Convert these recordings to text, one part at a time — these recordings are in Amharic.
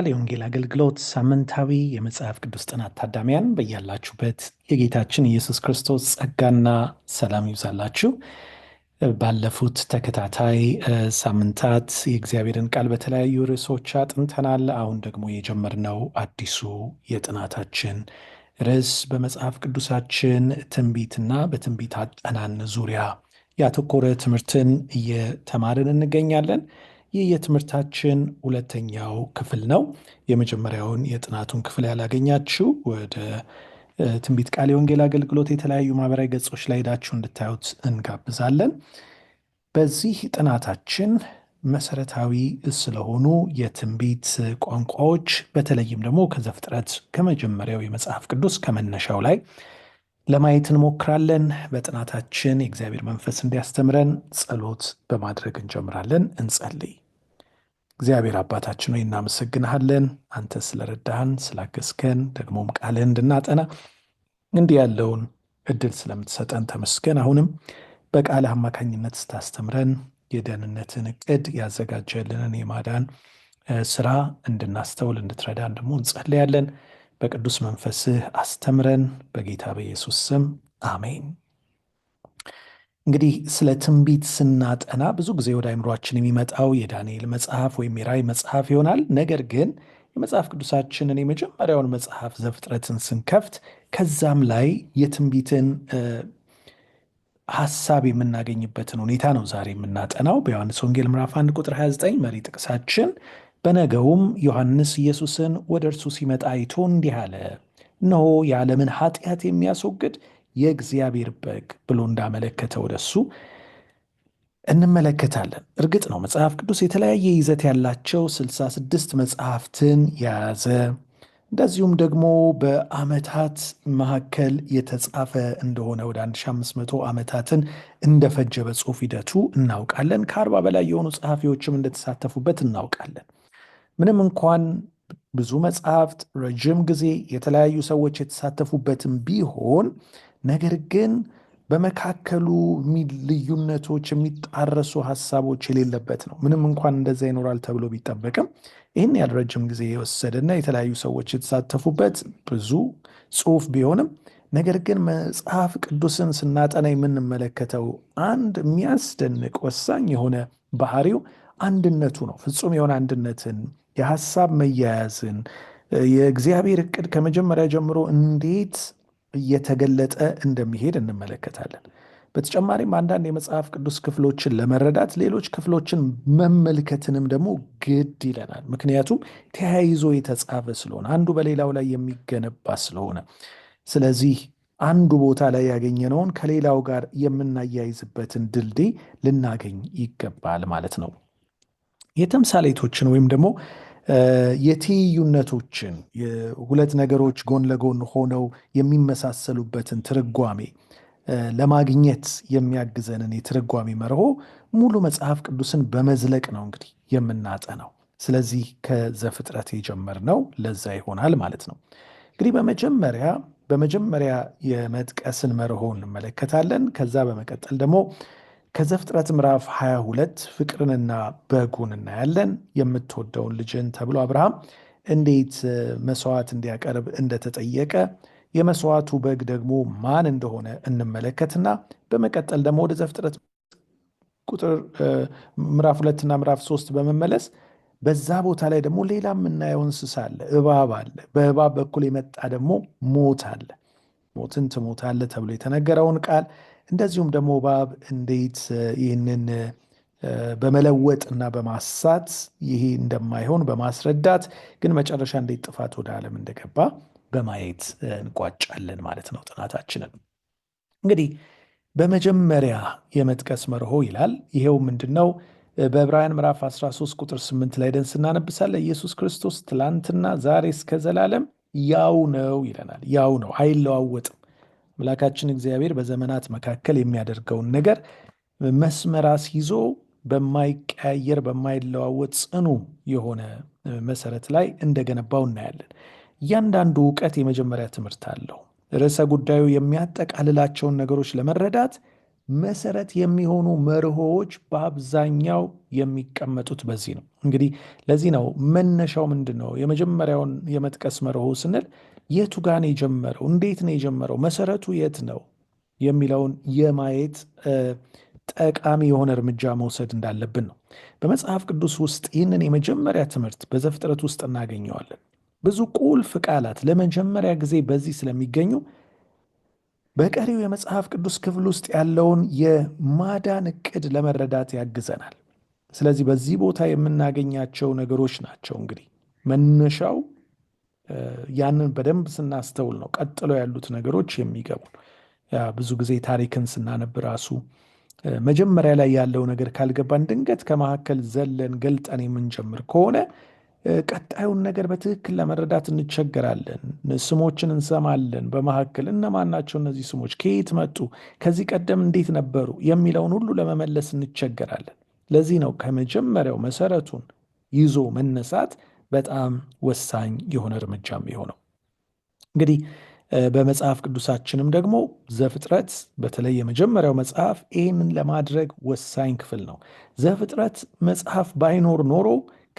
ቃል የወንጌል አገልግሎት ሳምንታዊ የመጽሐፍ ቅዱስ ጥናት ታዳሚያን በያላችሁበት የጌታችን ኢየሱስ ክርስቶስ ጸጋና ሰላም ይብዛላችሁ። ባለፉት ተከታታይ ሳምንታት የእግዚአብሔርን ቃል በተለያዩ ርዕሶች አጥንተናል። አሁን ደግሞ የጀመርነው አዲሱ የጥናታችን ርዕስ በመጽሐፍ ቅዱሳችን ትንቢትና በትንቢት አጠናን ዙሪያ ያተኮረ ትምህርትን እየተማርን እንገኛለን። ይህ የትምህርታችን ሁለተኛው ክፍል ነው። የመጀመሪያውን የጥናቱን ክፍል ያላገኛችሁ ወደ ትንቢት ቃል የወንጌል አገልግሎት የተለያዩ ማህበራዊ ገጾች ላይ ሄዳችሁ እንድታዩት እንጋብዛለን። በዚህ ጥናታችን መሰረታዊ ስለሆኑ የትንቢት ቋንቋዎች በተለይም ደግሞ ከዘፍጥረት ከመጀመሪያው የመጽሐፍ ቅዱስ ከመነሻው ላይ ለማየት እንሞክራለን። በጥናታችን የእግዚአብሔር መንፈስ እንዲያስተምረን ጸሎት በማድረግ እንጀምራለን። እንጸልይ። እግዚአብሔር አባታችን ሆይ እናመሰግንሃለን። አንተ ስለረዳህን ስላገዝከን፣ ደግሞም ቃልህን እንድናጠና እንዲህ ያለውን እድል ስለምትሰጠን ተመስገን። አሁንም በቃልህ አማካኝነት ስታስተምረን የደህንነትን እቅድ ያዘጋጀልንን የማዳን ስራ እንድናስተውል እንድትረዳን ደግሞ እንጸለያለን። በቅዱስ መንፈስህ አስተምረን፣ በጌታ በኢየሱስ ስም አሜን። እንግዲህ ስለ ትንቢት ስናጠና ብዙ ጊዜ ወደ አይምሯችን የሚመጣው የዳንኤል መጽሐፍ ወይም የራእይ መጽሐፍ ይሆናል። ነገር ግን የመጽሐፍ ቅዱሳችንን የመጀመሪያውን መጽሐፍ ዘፍጥረትን ስንከፍት ከዛም ላይ የትንቢትን ሀሳብ የምናገኝበትን ሁኔታ ነው ዛሬ የምናጠናው። በዮሐንስ ወንጌል ምዕራፍ 1 ቁጥር 29 መሪ ጥቅሳችን በነገውም ዮሐንስ ኢየሱስን ወደ እርሱ ሲመጣ አይቶ እንዲህ አለ፣ እነሆ የዓለምን ኃጢአት የሚያስወግድ የእግዚአብሔር በግ ብሎ እንዳመለከተ ወደሱ እንመለከታለን። እርግጥ ነው መጽሐፍ ቅዱስ የተለያየ ይዘት ያላቸው ስልሳ ስድስት መጽሐፍትን የያዘ እንደዚሁም ደግሞ በዓመታት መካከል የተጻፈ እንደሆነ ወደ 1500 ዓመታትን እንደፈጀ በጽሁፍ ሂደቱ እናውቃለን። ከአርባ በላይ የሆኑ ጸሐፊዎችም እንደተሳተፉበት እናውቃለን። ምንም እንኳን ብዙ መጽሐፍት ረጅም ጊዜ የተለያዩ ሰዎች የተሳተፉበትም ቢሆን ነገር ግን በመካከሉ ልዩነቶች፣ የሚጣረሱ ሀሳቦች የሌለበት ነው። ምንም እንኳን እንደዛ ይኖራል ተብሎ ቢጠበቅም ይህን ያህል ረጅም ጊዜ የወሰደና የተለያዩ ሰዎች የተሳተፉበት ብዙ ጽሑፍ ቢሆንም ነገር ግን መጽሐፍ ቅዱስን ስናጠና የምንመለከተው አንድ የሚያስደንቅ ወሳኝ የሆነ ባህሪው አንድነቱ ነው። ፍጹም የሆነ አንድነትን፣ የሀሳብ መያያዝን፣ የእግዚአብሔር እቅድ ከመጀመሪያ ጀምሮ እንዴት እየተገለጠ እንደሚሄድ እንመለከታለን። በተጨማሪም አንዳንድ የመጽሐፍ ቅዱስ ክፍሎችን ለመረዳት ሌሎች ክፍሎችን መመልከትንም ደግሞ ግድ ይለናል። ምክንያቱም ተያይዞ የተጻፈ ስለሆነ አንዱ በሌላው ላይ የሚገነባ ስለሆነ፣ ስለዚህ አንዱ ቦታ ላይ ያገኘነውን ከሌላው ጋር የምናያይዝበትን ድልድይ ልናገኝ ይገባል ማለት ነው። የተምሳሌቶችን ወይም ደግሞ የትይዩነቶችን ሁለት ነገሮች ጎን ለጎን ሆነው የሚመሳሰሉበትን ትርጓሜ ለማግኘት የሚያግዘንን የትርጓሜ መርሆ ሙሉ መጽሐፍ ቅዱስን በመዝለቅ ነው እንግዲህ የምናጠናው። ስለዚህ ከዘፍጥረት የጀመርነው ለዛ ይሆናል ማለት ነው። እንግዲህ በመጀመሪያ በመጀመሪያ የመጥቀስን መርሆ እንመለከታለን። ከዛ በመቀጠል ደግሞ ከዘፍጥረት ምዕራፍ 22 ፍቅርንና በጉን እናያለን። የምትወደውን ልጅን ተብሎ አብርሃም እንዴት መስዋዕት እንዲያቀርብ እንደተጠየቀ የመስዋዕቱ በግ ደግሞ ማን እንደሆነ እንመለከትና በመቀጠል ደግሞ ወደ ዘፍጥረት ቁጥር ምዕራፍ ሁለትና ምዕራፍ ሶስት በመመለስ በዛ ቦታ ላይ ደግሞ ሌላ የምናየው እንስሳ አለ፣ እባብ አለ። በእባብ በኩል የመጣ ደግሞ ሞት አለ። ሞትን ትሞታለህ ተብሎ የተነገረውን ቃል እንደዚሁም ደግሞ እባብ እንዴት ይህንን በመለወጥ እና በማሳት ይሄ እንደማይሆን በማስረዳት ግን መጨረሻ እንዴት ጥፋት ወደ ዓለም እንደገባ በማየት እንቋጫለን ማለት ነው ጥናታችንን። እንግዲህ በመጀመሪያ የመጥቀስ መርሆ ይላል። ይሄው ምንድን ነው? በዕብራውያን ምዕራፍ 13 ቁጥር 8 ላይ ደን ስናነብሳለ ኢየሱስ ክርስቶስ ትላንትና ዛሬ እስከ ዘላለም ያው ነው ይለናል። ያው ነው አይለዋወጥም። አምላካችን እግዚአብሔር በዘመናት መካከል የሚያደርገውን ነገር መስመር አስይዞ በማይቀያየር በማይለዋወጥ ጽኑ የሆነ መሰረት ላይ እንደገነባው እናያለን። እያንዳንዱ እውቀት የመጀመሪያ ትምህርት አለው። ርዕሰ ጉዳዩ የሚያጠቃልላቸውን ነገሮች ለመረዳት መሰረት የሚሆኑ መርሆዎች በአብዛኛው የሚቀመጡት በዚህ ነው። እንግዲህ ለዚህ ነው መነሻው ምንድን ነው የመጀመሪያውን የመጥቀስ መርሆ ስንል የቱ ጋር ነው የጀመረው? እንዴት ነው የጀመረው? መሰረቱ የት ነው የሚለውን የማየት ጠቃሚ የሆነ እርምጃ መውሰድ እንዳለብን ነው። በመጽሐፍ ቅዱስ ውስጥ ይህንን የመጀመሪያ ትምህርት በዘፍጥረት ውስጥ እናገኘዋለን። ብዙ ቁልፍ ቃላት ለመጀመሪያ ጊዜ በዚህ ስለሚገኙ በቀሪው የመጽሐፍ ቅዱስ ክፍል ውስጥ ያለውን የማዳን እቅድ ለመረዳት ያግዘናል። ስለዚህ በዚህ ቦታ የምናገኛቸው ነገሮች ናቸው እንግዲህ መነሻው ያንን በደንብ ስናስተውል ነው ቀጥሎ ያሉት ነገሮች የሚገቡ። ብዙ ጊዜ ታሪክን ስናነብ ራሱ መጀመሪያ ላይ ያለው ነገር ካልገባን ድንገት ከመካከል ዘለን ገልጠን የምንጀምር ከሆነ ቀጣዩን ነገር በትክክል ለመረዳት እንቸገራለን። ስሞችን እንሰማለን። በመካከል እነማን ናቸው እነዚህ ስሞች፣ ከየት መጡ፣ ከዚህ ቀደም እንዴት ነበሩ የሚለውን ሁሉ ለመመለስ እንቸገራለን። ለዚህ ነው ከመጀመሪያው መሰረቱን ይዞ መነሳት በጣም ወሳኝ የሆነ እርምጃም የሆነው እንግዲህ በመጽሐፍ ቅዱሳችንም ደግሞ ዘፍጥረት በተለይ የመጀመሪያው መጽሐፍ ይህንን ለማድረግ ወሳኝ ክፍል ነው። ዘፍጥረት መጽሐፍ ባይኖር ኖሮ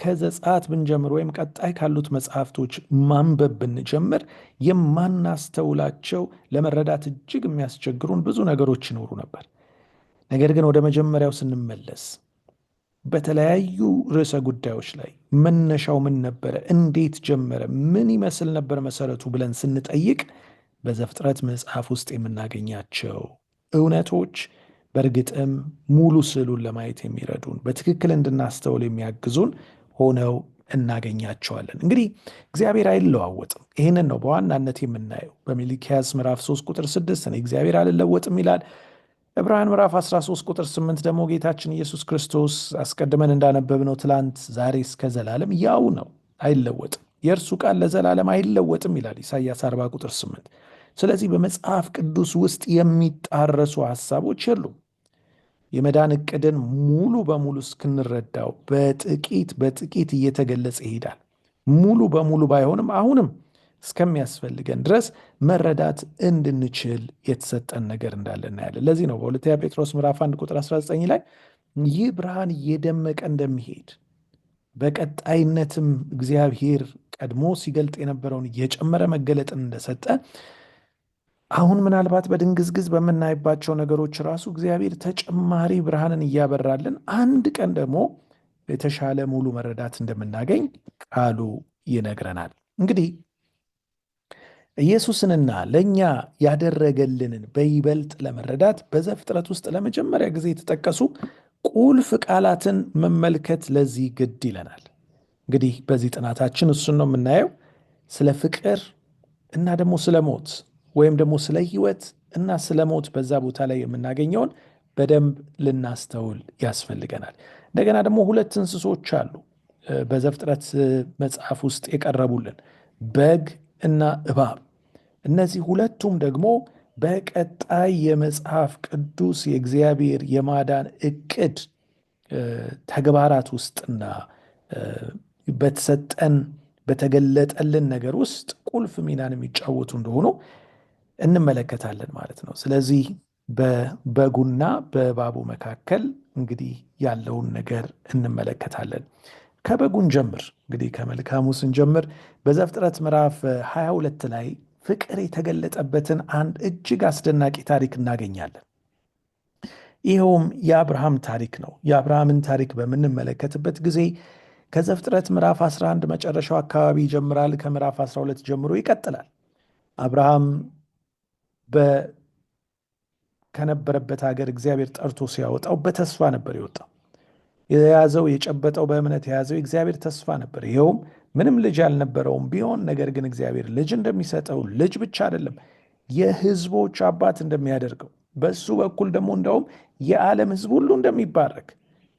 ከዘጸአት ብንጀምር ወይም ቀጣይ ካሉት መጽሐፍቶች ማንበብ ብንጀምር የማናስተውላቸው ለመረዳት እጅግ የሚያስቸግሩን ብዙ ነገሮች ይኖሩ ነበር። ነገር ግን ወደ መጀመሪያው ስንመለስ በተለያዩ ርዕሰ ጉዳዮች ላይ መነሻው ምን ነበረ፣ እንዴት ጀመረ፣ ምን ይመስል ነበር መሰረቱ ብለን ስንጠይቅ በዘፍጥረት መጽሐፍ ውስጥ የምናገኛቸው እውነቶች በእርግጥም ሙሉ ስዕሉን ለማየት የሚረዱን በትክክል እንድናስተውል የሚያግዙን ሆነው እናገኛቸዋለን። እንግዲህ እግዚአብሔር አይለዋወጥም። ይህንን ነው በዋናነት የምናየው። በሚልኪያስ ምዕራፍ 3 ቁጥር 6 እግዚአብሔር አልለወጥም ይላል። ዕብራውያን ምዕራፍ 13 ቁጥር 8 ደግሞ ጌታችን ኢየሱስ ክርስቶስ አስቀድመን እንዳነበብነው ትላንት፣ ዛሬ እስከ ዘላለም ያው ነው፣ አይለወጥም፣ የእርሱ ቃል ለዘላለም አይለወጥም ይላል ኢሳያስ 40 ቁጥር 8። ስለዚህ በመጽሐፍ ቅዱስ ውስጥ የሚጣረሱ ሐሳቦች የሉም። የመዳን ዕቅድን ሙሉ በሙሉ እስክንረዳው በጥቂት በጥቂት እየተገለጸ ይሄዳል። ሙሉ በሙሉ ባይሆንም አሁንም እስከሚያስፈልገን ድረስ መረዳት እንድንችል የተሰጠን ነገር እንዳለ እናያለን። ለዚህ ነው በሁለተኛ ጴጥሮስ ምዕራፍ 1 ቁጥር 19 ላይ ይህ ብርሃን እየደመቀ እንደሚሄድ በቀጣይነትም እግዚአብሔር ቀድሞ ሲገልጥ የነበረውን እየጨመረ መገለጥን እንደሰጠ አሁን ምናልባት በድንግዝግዝ በምናይባቸው ነገሮች ራሱ እግዚአብሔር ተጨማሪ ብርሃንን እያበራልን አንድ ቀን ደግሞ የተሻለ ሙሉ መረዳት እንደምናገኝ ቃሉ ይነግረናል። እንግዲህ ኢየሱስንና ለእኛ ያደረገልንን በይበልጥ ለመረዳት በዘፍጥረት ውስጥ ለመጀመሪያ ጊዜ የተጠቀሱ ቁልፍ ቃላትን መመልከት ለዚህ ግድ ይለናል። እንግዲህ በዚህ ጥናታችን እሱን ነው የምናየው። ስለ ፍቅር እና ደግሞ ስለ ሞት ወይም ደግሞ ስለ ሕይወት እና ስለ ሞት በዛ ቦታ ላይ የምናገኘውን በደንብ ልናስተውል ያስፈልገናል። እንደገና ደግሞ ሁለት እንስሶች አሉ በዘፍጥረት መጽሐፍ ውስጥ የቀረቡልን በግ እና እባብ። እነዚህ ሁለቱም ደግሞ በቀጣይ የመጽሐፍ ቅዱስ የእግዚአብሔር የማዳን እቅድ ተግባራት ውስጥና በተሰጠን በተገለጠልን ነገር ውስጥ ቁልፍ ሚናን የሚጫወቱ እንደሆኑ እንመለከታለን ማለት ነው። ስለዚህ በበጉና በእባቡ መካከል እንግዲህ ያለውን ነገር እንመለከታለን። ከበጉን ጀምር እንግዲህ ከመልካሙ ስንጀምር በዘፍጥረት ምዕራፍ 22 ላይ ፍቅር የተገለጠበትን አንድ እጅግ አስደናቂ ታሪክ እናገኛለን። ይኸውም የአብርሃም ታሪክ ነው። የአብርሃምን ታሪክ በምንመለከትበት ጊዜ ከዘፍጥረት ምዕራፍ 11 መጨረሻው አካባቢ ይጀምራል። ከምዕራፍ 12 ጀምሮ ይቀጥላል። አብርሃም ከነበረበት ሀገር እግዚአብሔር ጠርቶ ሲያወጣው በተስፋ ነበር የወጣው። የያዘው የጨበጠው በእምነት የያዘው የእግዚአብሔር ተስፋ ነበር። ይኸውም ምንም ልጅ አልነበረውም ቢሆን ነገር ግን እግዚአብሔር ልጅ እንደሚሰጠው ልጅ ብቻ አይደለም የህዝቦች አባት እንደሚያደርገው በሱ በኩል ደግሞ እንዳውም የዓለም ህዝብ ሁሉ እንደሚባረክ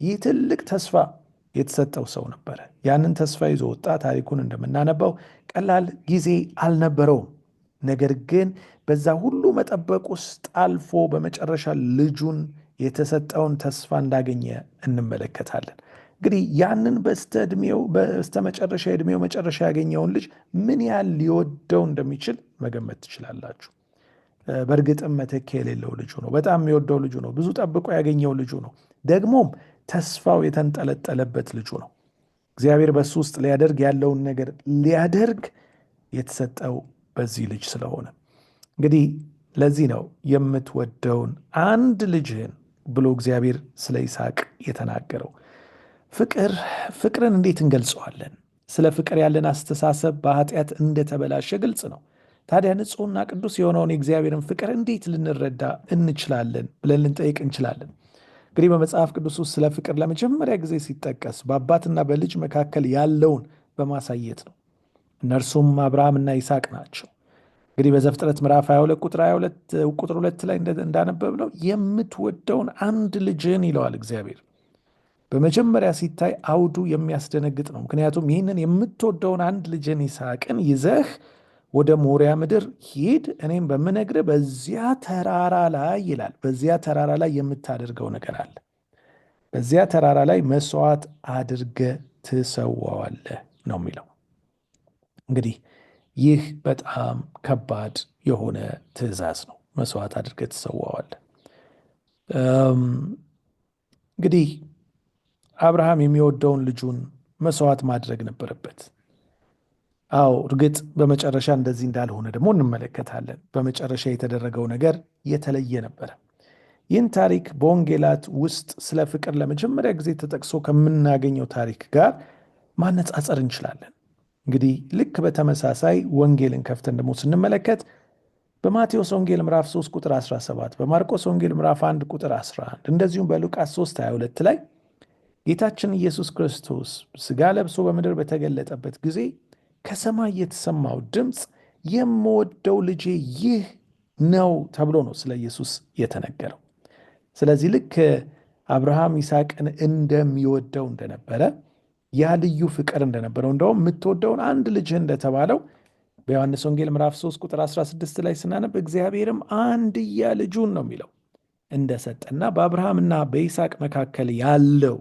ይህ ትልቅ ተስፋ የተሰጠው ሰው ነበረ። ያንን ተስፋ ይዞ ወጣ። ታሪኩን እንደምናነባው ቀላል ጊዜ አልነበረውም። ነገር ግን በዛ ሁሉ መጠበቅ ውስጥ አልፎ በመጨረሻ ልጁን የተሰጠውን ተስፋ እንዳገኘ እንመለከታለን። እንግዲህ ያንን በስተ ዕድሜው በስተ መጨረሻ የዕድሜው መጨረሻ ያገኘውን ልጅ ምን ያህል ሊወደው እንደሚችል መገመት ትችላላችሁ። በእርግጥም መተኪያ የሌለው ልጁ ነው። በጣም የሚወደው ልጁ ነው። ብዙ ጠብቆ ያገኘው ልጁ ነው። ደግሞም ተስፋው የተንጠለጠለበት ልጁ ነው። እግዚአብሔር በሱ ውስጥ ሊያደርግ ያለውን ነገር ሊያደርግ የተሰጠው በዚህ ልጅ ስለሆነ እንግዲህ ለዚህ ነው የምትወደውን አንድ ልጅህን ብሎ እግዚአብሔር ስለ ይስሐቅ የተናገረው ፍቅር ፍቅርን እንዴት እንገልጸዋለን? ስለ ፍቅር ያለን አስተሳሰብ በኃጢአት እንደተበላሸ ግልጽ ነው። ታዲያ ንጹሕና ቅዱስ የሆነውን የእግዚአብሔርን ፍቅር እንዴት ልንረዳ እንችላለን ብለን ልንጠይቅ እንችላለን። እንግዲህ በመጽሐፍ ቅዱስ ውስጥ ስለ ፍቅር ለመጀመሪያ ጊዜ ሲጠቀስ በአባትና በልጅ መካከል ያለውን በማሳየት ነው። እነርሱም አብርሃምና ይስሐቅ ናቸው። እንግዲህ በዘፍጥረት ምዕራፍ 22 ቁጥር 22 ቁጥር 2 ላይ እንዳነበብ ነው የምትወደውን አንድ ልጅን ይለዋል እግዚአብሔር። በመጀመሪያ ሲታይ አውዱ የሚያስደነግጥ ነው። ምክንያቱም ይህንን የምትወደውን አንድ ልጅን ይስሐቅን ይዘህ ወደ ሞሪያ ምድር ሂድ፣ እኔም በምነግርህ በዚያ ተራራ ላይ ይላል። በዚያ ተራራ ላይ የምታደርገው ነገር አለ። በዚያ ተራራ ላይ መስዋዕት አድርገ ትሰዋዋለህ ነው የሚለው እንግዲህ ይህ በጣም ከባድ የሆነ ትእዛዝ ነው። መስዋዕት አድርገህ ትሰዋዋለህ። እንግዲህ አብርሃም የሚወደውን ልጁን መስዋዕት ማድረግ ነበረበት። አዎ እርግጥ በመጨረሻ እንደዚህ እንዳልሆነ ደግሞ እንመለከታለን። በመጨረሻ የተደረገው ነገር የተለየ ነበረ። ይህን ታሪክ በወንጌላት ውስጥ ስለ ፍቅር ለመጀመሪያ ጊዜ ተጠቅሶ ከምናገኘው ታሪክ ጋር ማነጻጸር እንችላለን። እንግዲህ ልክ በተመሳሳይ ወንጌልን ከፍተን ደግሞ ስንመለከት በማቴዎስ ወንጌል ምዕራፍ 3 ቁጥር 17 በማርቆስ ወንጌል ምዕራፍ 1 ቁጥር 11 እንደዚሁም በሉቃስ 3 22 ላይ ጌታችን ኢየሱስ ክርስቶስ ስጋ ለብሶ በምድር በተገለጠበት ጊዜ ከሰማይ የተሰማው ድምፅ የምወደው ልጄ ይህ ነው ተብሎ ነው ስለ ኢየሱስ የተነገረው። ስለዚህ ልክ አብርሃም ይስሐቅን እንደሚወደው እንደነበረ ያ ልዩ ፍቅር እንደነበረው እንደውም የምትወደውን አንድ ልጅህ እንደተባለው በዮሐንስ ወንጌል ምዕራፍ 3 ቁጥር 16 ላይ ስናነብ እግዚአብሔርም አንድያ ልጁን ነው የሚለው እንደሰጠና በአብርሃምና በይስሐቅ መካከል ያለው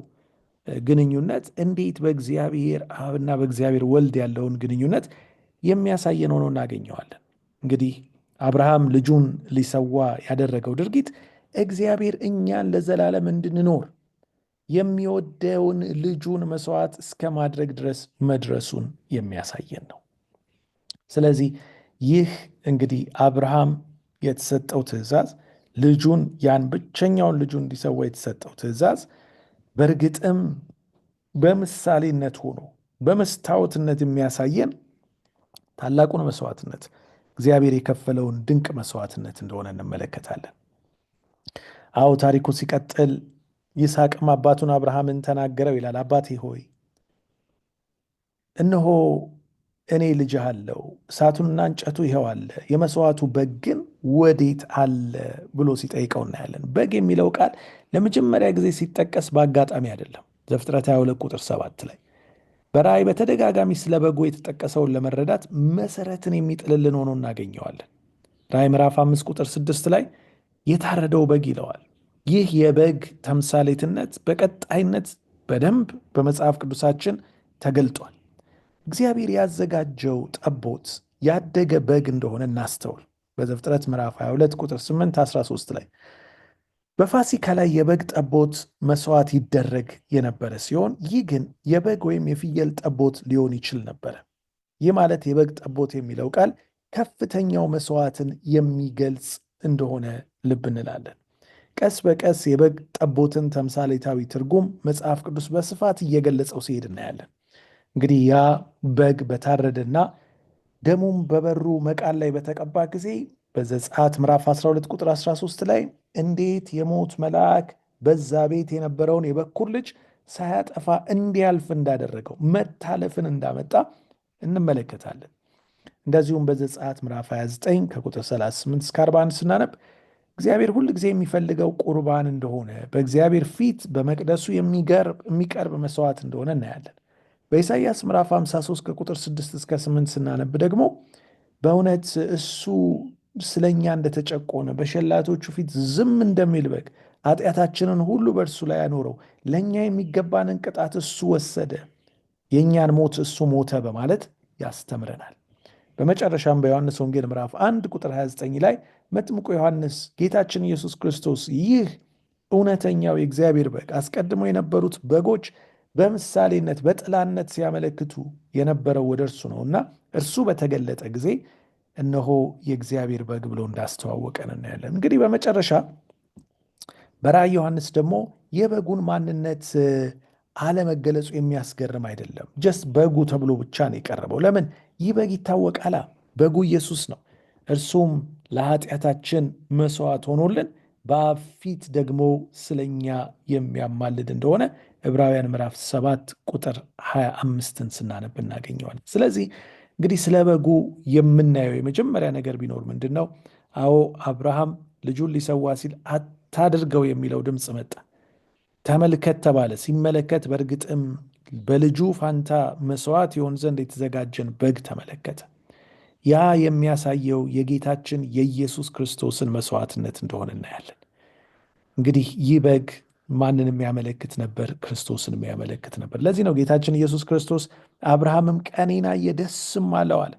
ግንኙነት እንዴት በእግዚአብሔር አብና በእግዚአብሔር ወልድ ያለውን ግንኙነት የሚያሳየን ሆኖ እናገኘዋለን። እንግዲህ አብርሃም ልጁን ሊሰዋ ያደረገው ድርጊት እግዚአብሔር እኛን ለዘላለም እንድንኖር የሚወደውን ልጁን መስዋዕት እስከ ማድረግ ድረስ መድረሱን የሚያሳየን ነው። ስለዚህ ይህ እንግዲህ አብርሃም የተሰጠው ትእዛዝ ልጁን ያን ብቸኛውን ልጁን እንዲሰዋ የተሰጠው ትእዛዝ በእርግጥም በምሳሌነት ሆኖ በመስታወትነት የሚያሳየን ታላቁን መስዋዕትነት እግዚአብሔር የከፈለውን ድንቅ መስዋዕትነት እንደሆነ እንመለከታለን። አዎ ታሪኩ ሲቀጥል ይስሐቅም አባቱን አብርሃምን ተናገረው ይላል። አባቴ ሆይ እነሆ እኔ ልጅህ አለው፣ እሳቱንና እንጨቱ ይኸው አለ፣ የመስዋዕቱ በግ ግን ወዴት አለ ብሎ ሲጠይቀው እናያለን። በግ የሚለው ቃል ለመጀመሪያ ጊዜ ሲጠቀስ በአጋጣሚ አይደለም። ዘፍጥረት 22 ቁጥር 7 ላይ በራእይ በተደጋጋሚ ስለ በጉ የተጠቀሰውን ለመረዳት መሰረትን የሚጥልልን ሆኖ እናገኘዋለን። ራእይ ምዕራፍ 5 ቁጥር 6 ላይ የታረደው በግ ይለዋል። ይህ የበግ ተምሳሌትነት በቀጣይነት በደንብ በመጽሐፍ ቅዱሳችን ተገልጧል። እግዚአብሔር ያዘጋጀው ጠቦት ያደገ በግ እንደሆነ እናስተውል። በዘፍጥረት ምዕራፍ 22 ቁጥር 8 13 ላይ በፋሲካ ላይ የበግ ጠቦት መስዋዕት ይደረግ የነበረ ሲሆን ይህ ግን የበግ ወይም የፍየል ጠቦት ሊሆን ይችል ነበረ። ይህ ማለት የበግ ጠቦት የሚለው ቃል ከፍተኛው መስዋዕትን የሚገልጽ እንደሆነ ልብ እንላለን። ቀስ በቀስ የበግ ጠቦትን ተምሳሌታዊ ትርጉም መጽሐፍ ቅዱስ በስፋት እየገለጸው ሲሄድ እናያለን። እንግዲህ ያ በግ በታረደና ደሙም በበሩ መቃን ላይ በተቀባ ጊዜ በዘጸአት ምዕራፍ 12 ቁጥር 13 ላይ እንዴት የሞት መልአክ በዛ ቤት የነበረውን የበኩር ልጅ ሳያጠፋ እንዲያልፍ እንዳደረገው መታለፍን እንዳመጣ እንመለከታለን። እንደዚሁም በዘጸአት ምዕራፍ 29 ከቁጥር 38 እስከ 41 ስናነብ እግዚአብሔር ሁል ጊዜ የሚፈልገው ቁርባን እንደሆነ በእግዚአብሔር ፊት በመቅደሱ የሚቀርብ መስዋዕት እንደሆነ እናያለን። በኢሳይያስ ምዕራፍ 53 ከቁጥር 6 እስከ 8 ስናነብ ደግሞ በእውነት እሱ ስለኛ እንደተጨቆነ በሸላቶቹ ፊት ዝም እንደሚል በግ ኃጢአታችንን ሁሉ በእርሱ ላይ አኖረው፣ ለእኛ የሚገባንን ቅጣት እሱ ወሰደ፣ የእኛን ሞት እሱ ሞተ በማለት ያስተምረናል። በመጨረሻም በዮሐንስ ወንጌል ምዕራፍ 1 ቁጥር 29 ላይ መጥምቁ ዮሐንስ ጌታችን ኢየሱስ ክርስቶስ ይህ እውነተኛው የእግዚአብሔር በግ አስቀድሞ የነበሩት በጎች በምሳሌነት በጥላነት ሲያመለክቱ የነበረው ወደ እርሱ ነው እና እርሱ በተገለጠ ጊዜ እነሆ የእግዚአብሔር በግ ብሎ እንዳስተዋወቀን እናያለን። እንግዲህ በመጨረሻ በራእይ ዮሐንስ ደግሞ የበጉን ማንነት አለመገለጹ የሚያስገርም አይደለም። ጀስት በጉ ተብሎ ብቻ ነው የቀረበው። ለምን? ይህ በግ ይታወቃላ። በጉ ኢየሱስ ነው። እርሱም ለኃጢአታችን መስዋዕት ሆኖልን በአብ ፊት ደግሞ ስለኛ የሚያማልድ እንደሆነ ዕብራውያን ምዕራፍ 7 ቁጥር 25ን ስናነብ እናገኘዋለን። ስለዚህ እንግዲህ ስለ በጉ የምናየው የመጀመሪያ ነገር ቢኖር ምንድን ነው? አዎ አብርሃም ልጁን ሊሰዋ ሲል አታድርገው የሚለው ድምፅ መጣ። ተመልከት ተባለ። ሲመለከት በእርግጥም በልጁ ፋንታ መስዋዕት የሆን ዘንድ የተዘጋጀን በግ ተመለከተ። ያ የሚያሳየው የጌታችን የኢየሱስ ክርስቶስን መስዋዕትነት እንደሆነ እናያለን። እንግዲህ ይህ በግ ማንን የሚያመለክት ነበር? ክርስቶስን የሚያመለክት ነበር። ለዚህ ነው ጌታችን ኢየሱስ ክርስቶስ አብርሃምም ቀኔን አየ ደስም አለው አለ።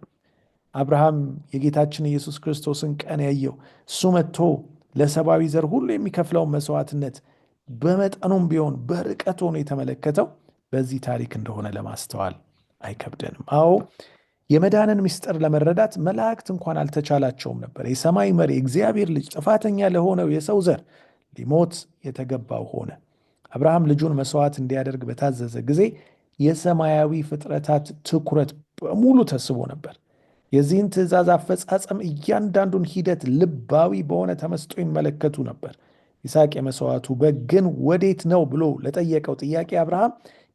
አብርሃም የጌታችን ኢየሱስ ክርስቶስን ቀን ያየው እሱ መጥቶ ለሰብአዊ ዘር ሁሉ የሚከፍለውን መስዋዕትነት በመጠኑም ቢሆን በርቀት ሆኖ የተመለከተው በዚህ ታሪክ እንደሆነ ለማስተዋል አይከብደንም። አዎ የመዳንን ምስጢር ለመረዳት መላእክት እንኳን አልተቻላቸውም ነበር። የሰማይ መሪ እግዚአብሔር ልጅ ጥፋተኛ ለሆነው የሰው ዘር ሊሞት የተገባው ሆነ። አብርሃም ልጁን መሥዋዕት እንዲያደርግ በታዘዘ ጊዜ የሰማያዊ ፍጥረታት ትኩረት በሙሉ ተስቦ ነበር። የዚህን ትእዛዝ አፈጻጸም እያንዳንዱን ሂደት ልባዊ በሆነ ተመስጦ ይመለከቱ ነበር። ይስሐቅ የመሥዋዕቱ በግ ግን ወዴት ነው ብሎ ለጠየቀው ጥያቄ አብርሃም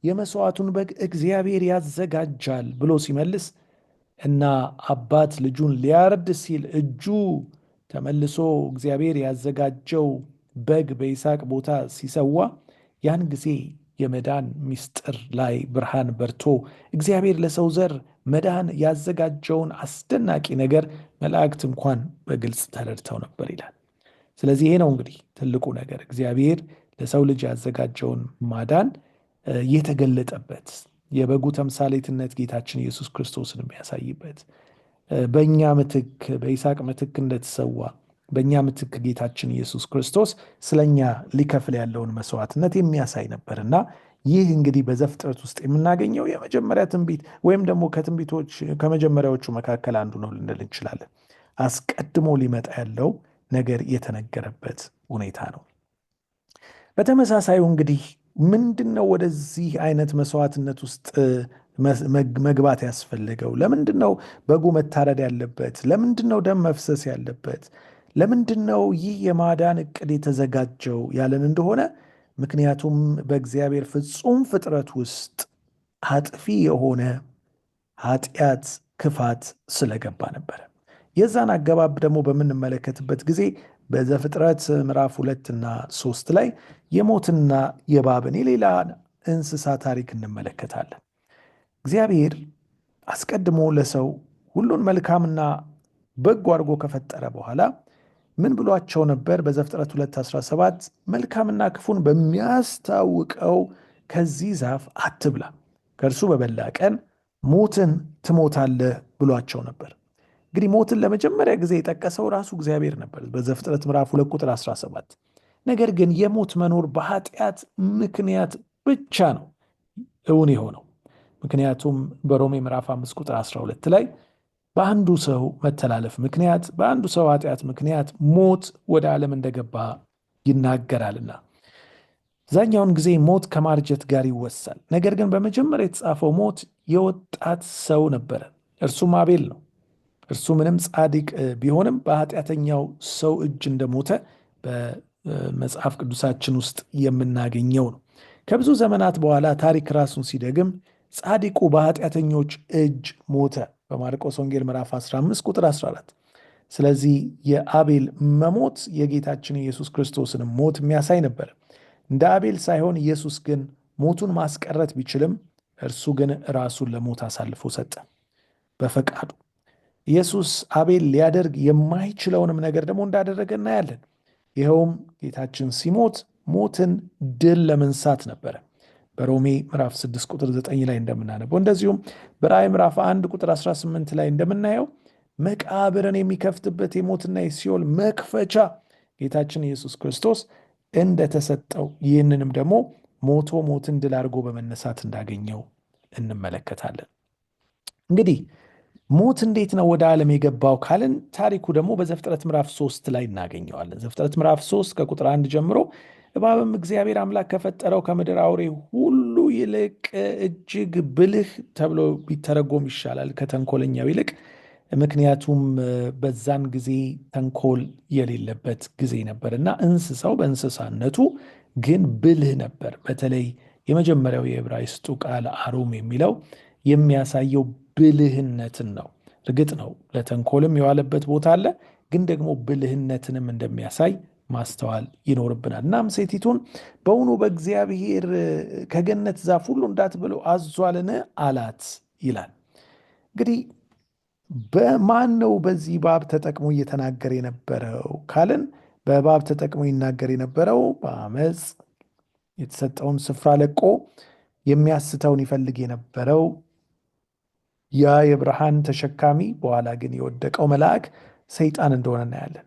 የመሥዋዕቱን በግ እግዚአብሔር ያዘጋጃል ብሎ ሲመልስ እና አባት ልጁን ሊያርድ ሲል እጁ ተመልሶ እግዚአብሔር ያዘጋጀው በግ በይስሐቅ ቦታ ሲሰዋ ያን ጊዜ የመዳን ምስጢር ላይ ብርሃን በርቶ እግዚአብሔር ለሰው ዘር መዳን ያዘጋጀውን አስደናቂ ነገር መላእክት እንኳን በግልጽ ተረድተው ነበር ይላል። ስለዚህ ይሄ ነው እንግዲህ ትልቁ ነገር እግዚአብሔር ለሰው ልጅ ያዘጋጀውን ማዳን የተገለጠበት የበጉ ተምሳሌትነት ጌታችን ኢየሱስ ክርስቶስን የሚያሳይበት በእኛ ምትክ በይስሐቅ ምትክ እንደተሰዋ በእኛ ምትክ ጌታችን ኢየሱስ ክርስቶስ ስለኛ ሊከፍል ያለውን መስዋዕትነት የሚያሳይ ነበር እና ይህ እንግዲህ በዘፍጥረት ውስጥ የምናገኘው የመጀመሪያ ትንቢት ወይም ደግሞ ከትንቢቶች ከመጀመሪያዎቹ መካከል አንዱ ነው ልንል እንችላለን። አስቀድሞ ሊመጣ ያለው ነገር የተነገረበት ሁኔታ ነው። በተመሳሳዩ እንግዲህ ምንድን ነው ወደዚህ አይነት መስዋዕትነት ውስጥ መግባት ያስፈለገው? ለምንድን ነው በጉ መታረድ ያለበት? ለምንድን ነው ደም መፍሰስ ያለበት? ለምንድን ነው ይህ የማዳን እቅድ የተዘጋጀው ያለን እንደሆነ ምክንያቱም በእግዚአብሔር ፍጹም ፍጥረት ውስጥ አጥፊ የሆነ ኃጢአት፣ ክፋት ስለገባ ነበረ። የዛን አገባብ ደግሞ በምንመለከትበት ጊዜ በዘፍጥረት ምዕራፍ ሁለትና ሶስት ላይ የሞትና የባብን የሌላ እንስሳ ታሪክ እንመለከታለን። እግዚአብሔር አስቀድሞ ለሰው ሁሉን መልካምና በጎ አድርጎ ከፈጠረ በኋላ ምን ብሏቸው ነበር? በዘፍጥረት 217 መልካምና ክፉን በሚያስታውቀው ከዚህ ዛፍ አትብላ፣ ከእርሱ በበላ ቀን ሞትን ትሞታለህ ብሏቸው ነበር። እንግዲህ ሞትን ለመጀመሪያ ጊዜ የጠቀሰው ራሱ እግዚአብሔር ነበር በዘፍጥረት ምዕራፍ ሁለት ቁጥር 17 ነገር ግን የሞት መኖር በኃጢአት ምክንያት ብቻ ነው እውን የሆነው ምክንያቱም በሮሜ ምዕራፍ 5 ቁጥር 12 ላይ በአንዱ ሰው መተላለፍ ምክንያት በአንዱ ሰው ኃጢአት ምክንያት ሞት ወደ ዓለም እንደገባ ይናገራልና አብዛኛውን ጊዜ ሞት ከማርጀት ጋር ይወሳል ነገር ግን በመጀመሪያ የተጻፈው ሞት የወጣት ሰው ነበረ እርሱም አቤል ነው እርሱ ምንም ጻድቅ ቢሆንም በኃጢአተኛው ሰው እጅ እንደሞተ በመጽሐፍ ቅዱሳችን ውስጥ የምናገኘው ነው። ከብዙ ዘመናት በኋላ ታሪክ ራሱን ሲደግም ጻድቁ በኃጢአተኞች እጅ ሞተ በማርቆስ ወንጌል ምዕራፍ 15 ቁጥር 14። ስለዚህ የአቤል መሞት የጌታችን ኢየሱስ ክርስቶስን ሞት የሚያሳይ ነበር። እንደ አቤል ሳይሆን ኢየሱስ ግን ሞቱን ማስቀረት ቢችልም እርሱ ግን ራሱን ለሞት አሳልፎ ሰጠ በፈቃዱ ኢየሱስ አቤል ሊያደርግ የማይችለውንም ነገር ደግሞ እንዳደረገ እናያለን። ይኸውም ጌታችን ሲሞት ሞትን ድል ለመንሳት ነበረ። በሮሜ ምዕራፍ 6 ቁጥር 9 ላይ እንደምናነበው እንደዚሁም በራእይ ምዕራፍ 1 ቁጥር 18 ላይ እንደምናየው መቃብርን የሚከፍትበት የሞትና የሲኦል መክፈቻ ጌታችን ኢየሱስ ክርስቶስ እንደተሰጠው ይህንንም ደግሞ ሞቶ ሞትን ድል አድርጎ በመነሳት እንዳገኘው እንመለከታለን። እንግዲህ ሞት እንዴት ነው ወደ ዓለም የገባው ካልን ታሪኩ ደግሞ በዘፍጥረት ምዕራፍ ሶስት ላይ እናገኘዋለን። ዘፍጥረት ምዕራፍ ሶስት ከቁጥር አንድ ጀምሮ እባብም እግዚአብሔር አምላክ ከፈጠረው ከምድር አውሬ ሁሉ ይልቅ እጅግ ብልህ ተብሎ ቢተረጎም ይሻላል ከተንኮለኛው ይልቅ። ምክንያቱም በዛን ጊዜ ተንኮል የሌለበት ጊዜ ነበር እና እንስሳው በእንስሳነቱ ግን ብልህ ነበር። በተለይ የመጀመሪያው የዕብራይስጡ ቃል አሩም የሚለው የሚያሳየው ብልህነትን ነው። እርግጥ ነው ለተንኮልም የዋለበት ቦታ አለ፣ ግን ደግሞ ብልህነትንም እንደሚያሳይ ማስተዋል ይኖርብናል። እናም ሴቲቱን በውኑ በእግዚአብሔር ከገነት ዛፍ ሁሉ እንዳትበሉ አዟልን አላት ይላል። እንግዲህ በማን ነው በዚህ ባብ ተጠቅሞ እየተናገረ የነበረው ካልን በባብ ተጠቅሞ ይናገር የነበረው በአመፅ የተሰጠውን ስፍራ ለቆ የሚያስተውን ይፈልግ የነበረው ያ የብርሃን ተሸካሚ በኋላ ግን የወደቀው መልአክ ሰይጣን እንደሆነ እናያለን።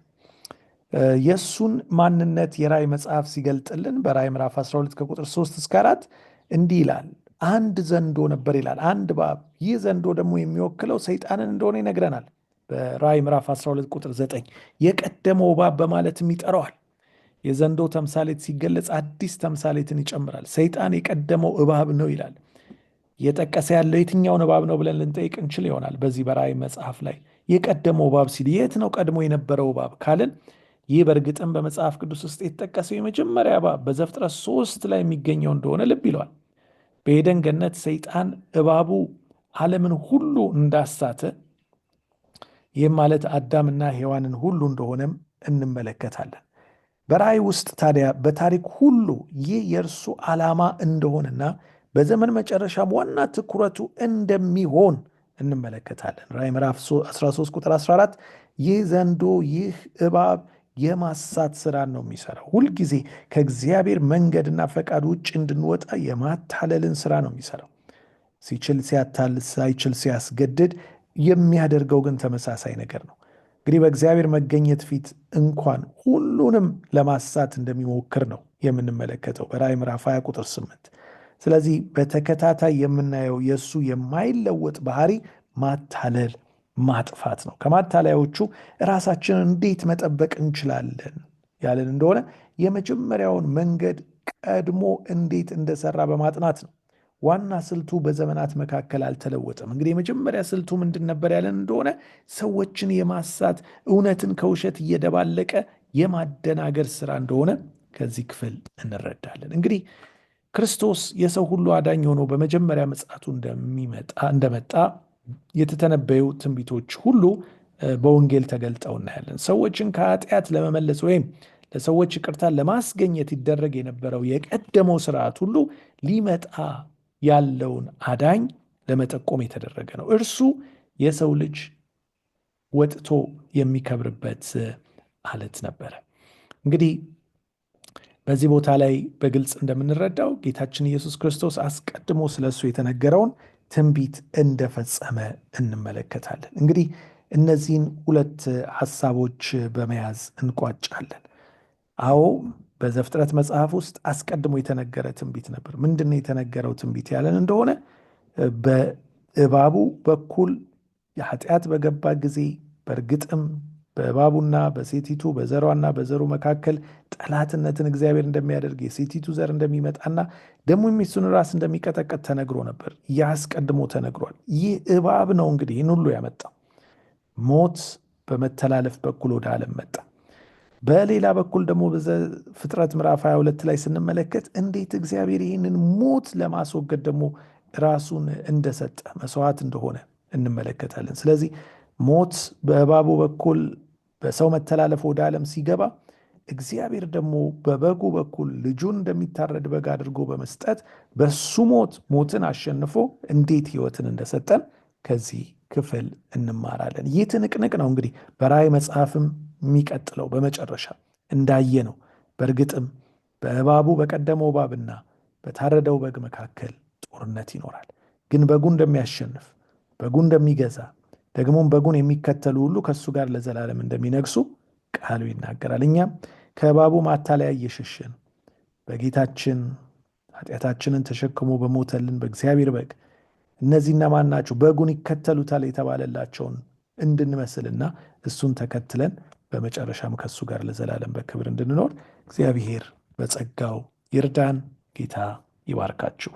የእሱን ማንነት የራእይ መጽሐፍ ሲገልጥልን በራእይ ምዕራፍ 12 ከቁጥር 3 እስከ 4 እንዲህ ይላል። አንድ ዘንዶ ነበር ይላል፣ አንድ እባብ። ይህ ዘንዶ ደግሞ የሚወክለው ሰይጣንን እንደሆነ ይነግረናል። በራእይ ምዕራፍ 12 ቁጥር 9 የቀደመው እባብ በማለትም ይጠራዋል። የዘንዶ ተምሳሌት ሲገለጽ አዲስ ተምሳሌትን ይጨምራል። ሰይጣን የቀደመው እባብ ነው ይላል። እየጠቀሰ ያለው የትኛውን እባብ ነው ብለን ልንጠይቅ እንችል ይሆናል። በዚህ በራእይ መጽሐፍ ላይ የቀደመው እባብ ሲል የት ነው ቀድሞ የነበረው እባብ ካልን ይህ በእርግጥም በመጽሐፍ ቅዱስ ውስጥ የተጠቀሰው የመጀመሪያ እባብ በዘፍጥረት ሶስት ላይ የሚገኘው እንደሆነ ልብ ይለዋል። በኤደን ገነት ሰይጣን እባቡ ዓለምን ሁሉ እንዳሳተ ይህም ማለት አዳምና ሔዋንን ሁሉ እንደሆነም እንመለከታለን። በራእይ ውስጥ ታዲያ በታሪክ ሁሉ ይህ የእርሱ ዓላማ እንደሆነና በዘመን መጨረሻ ዋና ትኩረቱ እንደሚሆን እንመለከታለን። ራይ ምዕራፍ 13 ቁጥር 14 ይህ ዘንዶ ይህ እባብ የማሳት ስራን ነው የሚሰራው። ሁልጊዜ ከእግዚአብሔር መንገድና ፈቃድ ውጭ እንድንወጣ የማታለልን ስራ ነው የሚሰራው። ሲችል ሲያታል፣ ሳይችል ሲያስገድድ፣ የሚያደርገው ግን ተመሳሳይ ነገር ነው። እንግዲህ በእግዚአብሔር መገኘት ፊት እንኳን ሁሉንም ለማሳት እንደሚሞክር ነው የምንመለከተው በራዕይ ምዕራፍ 20 ቁጥር 8 ስለዚህ በተከታታይ የምናየው የእሱ የማይለወጥ ባህሪ ማታለል፣ ማጥፋት ነው። ከማታለያዎቹ ራሳችንን እንዴት መጠበቅ እንችላለን ያለን እንደሆነ የመጀመሪያውን መንገድ ቀድሞ እንዴት እንደሰራ በማጥናት ነው። ዋና ስልቱ በዘመናት መካከል አልተለወጠም። እንግዲህ የመጀመሪያ ስልቱ ምንድን ነበር ያለን እንደሆነ ሰዎችን የማሳት እውነትን ከውሸት እየደባለቀ የማደናገር ስራ እንደሆነ ከዚህ ክፍል እንረዳለን። እንግዲህ ክርስቶስ የሰው ሁሉ አዳኝ ሆኖ በመጀመሪያ ምጽአቱ እንደመጣ የተተነበዩ ትንቢቶች ሁሉ በወንጌል ተገልጠው እናያለን። ሰዎችን ከኃጢአት ለመመለስ ወይም ለሰዎች ይቅርታን ለማስገኘት ይደረግ የነበረው የቀደመው ስርዓት ሁሉ ሊመጣ ያለውን አዳኝ ለመጠቆም የተደረገ ነው። እርሱ የሰው ልጅ ወጥቶ የሚከብርበት አለት ነበረ። እንግዲህ በዚህ ቦታ ላይ በግልጽ እንደምንረዳው ጌታችን ኢየሱስ ክርስቶስ አስቀድሞ ስለ እሱ የተነገረውን ትንቢት እንደፈጸመ እንመለከታለን። እንግዲህ እነዚህን ሁለት ሐሳቦች በመያዝ እንቋጫለን። አዎ በዘፍጥረት መጽሐፍ ውስጥ አስቀድሞ የተነገረ ትንቢት ነበር። ምንድን የተነገረው ትንቢት ያለን እንደሆነ በእባቡ በኩል የኃጢአት በገባ ጊዜ በእርግጥም በእባቡና በሴቲቱ በዘሯና በዘሩ መካከል ጠላትነትን እግዚአብሔር እንደሚያደርግ የሴቲቱ ዘር እንደሚመጣና ደግሞ የሚሱን ራስ እንደሚቀጠቀጥ ተነግሮ ነበር። ያስቀድሞ ተነግሯል። ይህ እባብ ነው እንግዲህ ይህን ሁሉ ያመጣው። ሞት በመተላለፍ በኩል ወደ ዓለም መጣ። በሌላ በኩል ደግሞ ፍጥረት ምዕራፍ 22 ላይ ስንመለከት እንዴት እግዚአብሔር ይህንን ሞት ለማስወገድ ደግሞ ራሱን እንደሰጠ መስዋዕት እንደሆነ እንመለከታለን። ስለዚህ ሞት በእባቡ በኩል በሰው መተላለፍ ወደ ዓለም ሲገባ እግዚአብሔር ደግሞ በበጉ በኩል ልጁን እንደሚታረድ በግ አድርጎ በመስጠት በሱ ሞት ሞትን አሸንፎ እንዴት ህይወትን እንደሰጠን ከዚህ ክፍል እንማራለን። ይህ ትንቅንቅ ነው እንግዲህ በራእይ መጽሐፍም የሚቀጥለው በመጨረሻ እንዳየ ነው። በእርግጥም በእባቡ በቀደመው እባብና በታረደው በግ መካከል ጦርነት ይኖራል። ግን በጉ እንደሚያሸንፍ በጉ እንደሚገዛ ደግሞም በጉን የሚከተሉ ሁሉ ከእሱ ጋር ለዘላለም እንደሚነግሱ ቃሉ ይናገራል። እኛም ከእባቡ ማታለያ እየሸሸን በጌታችን ኃጢአታችንን ተሸክሞ በሞተልን በእግዚአብሔር በግ እነዚህና ማን ናቸው በጉን ይከተሉታል የተባለላቸውን እንድንመስልና እሱን ተከትለን በመጨረሻም ከእሱ ጋር ለዘላለም በክብር እንድንኖር እግዚአብሔር በጸጋው ይርዳን። ጌታ ይባርካችሁ።